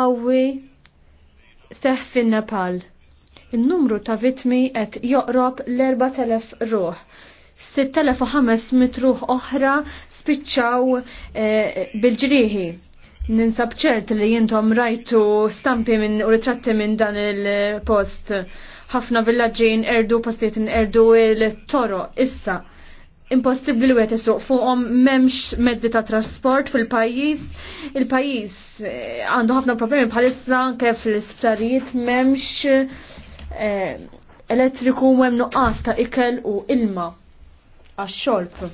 Awwi seħ fin-Nepal. Il-numru ta' vitmi qed joqrob l-4000 ruħ. 6500 ruħ oħra spiċċaw e, eh, bil ġriħi Ninsab ċert li jintom rajtu stampi minn u ritratti minn dan il-post. ħafna villagġin erdu, postiet erdu il-toro, issa impossibbli li għet jisruq fuqhom m'hemmx mezzi ta' trasport fil-pajjiż. Il-pajjiż eh, għandu ħafna problemi bħalissa anke fl-isptarijiet m'hemmx eh, elettriku u nuqqas ta' ikel u ilma għax xolp.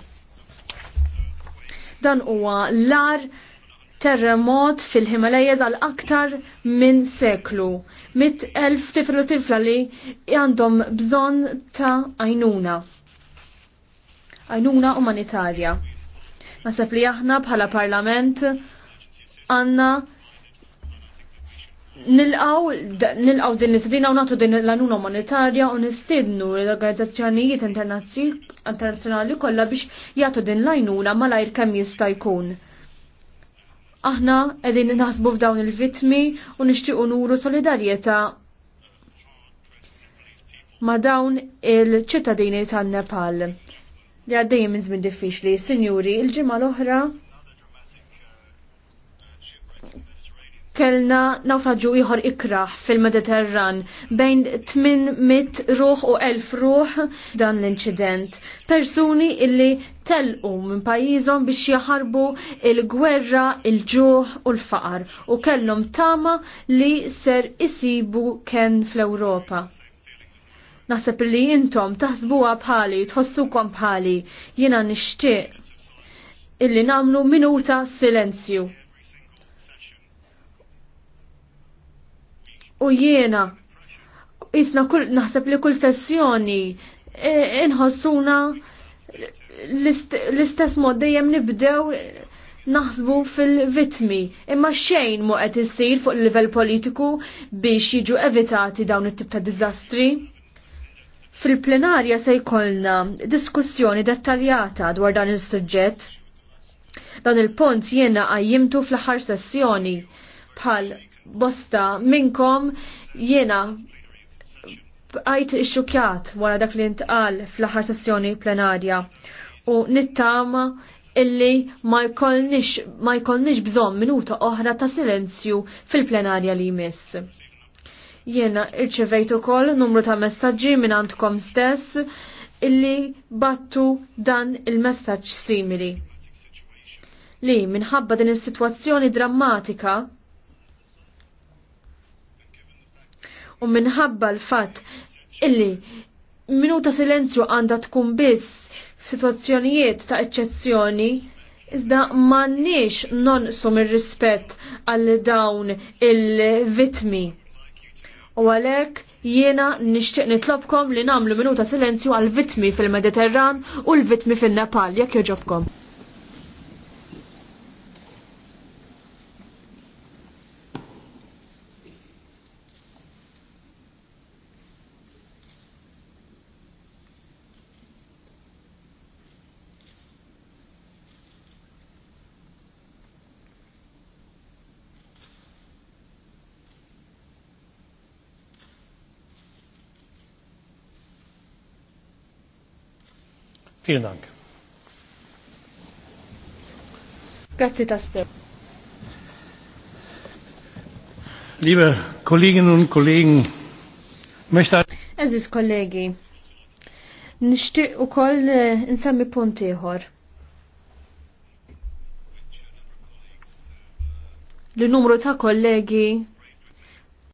Dan huwa l-ar terremot fil-Himalajas għal aktar minn seklu. Mit elf tifru tifla li għandhom bżon ta' għajnuna għajnuna umanitarja. Nasab li aħna bħala parlament għanna nilqaw nilqaw din nistidina u natu din l-għanuna umanitarja u nistidnu l-organizzazzjonijiet internazzjonali kollha biex jagħtu din l-għajnuna malajr kemm jista' jkun. Aħna qegħdin naħsbu f'dawn il-vitmi u nixtiequ nuru solidarjetà ma' dawn il-ċittadini tan-Nepal li għaddejjem minn żmien diffiċli. Sinjuri, il-ġimgħa l-oħra kellna naufraġu ieħor ikraħ fil-Mediterran bejn 800 ruħ u 1000 ruħ dan l-inċident. Persuni illi telqu minn pajjiżhom biex jaħarbu il-gwerra, il-ġuħ u l-faqar u kellhom tama li ser isibu ken fl-Ewropa. Naħseb li jintom taħsbuha bħali, tħossukom bħali, jiena nixtieq illi namlu minuta silenzju. U jiena isna kull naħseb li kull sessjoni e, inħossuna l-istess mod dejjem nibdew naħsbu fil-vitmi imma xejn mu qed isir fuq il-livell politiku biex jiġu evitati dawn it-tip ta' diżastri. Fil-plenarja se jkollna diskussjoni dettaljata dwar dan il-suġġett. Dan il-punt jiena għajjimtu fl-ħar sessjoni bħal bosta minnkom jiena għajt xukjat wara dak li ntqal fl-ħar sessjoni plenarja u nittama illi ma jkollniex bżon minuta oħra ta' silenzju fil-plenarja li jmiss. Jiena irċevejt ukoll numru ta' messaġġi minn għandkom stess illi battu dan il-messaġġ simili. Li minħabba din is-sitwazzjoni drammatika u minħabba l-fatt illi minuta silenzju għandha tkun biss f'sitwazzjonijiet ta' eċċezzjoni, iżda m'għandniex sum ir rispett għal dawn il-vitmi U għalek jiena nixtieq nitlobkom li namlu minuta silenzju għal vitmi fil-Mediterran u l-vitmi fil-Nepal, jekk joġobkom. Vielen Dank. Grazie tassew. Liebe Kolleginnen und Kollegen, möchte... Es ist kollegi, Nishti u koll insammi eh, punti ieħor. Li numru ta' kollegi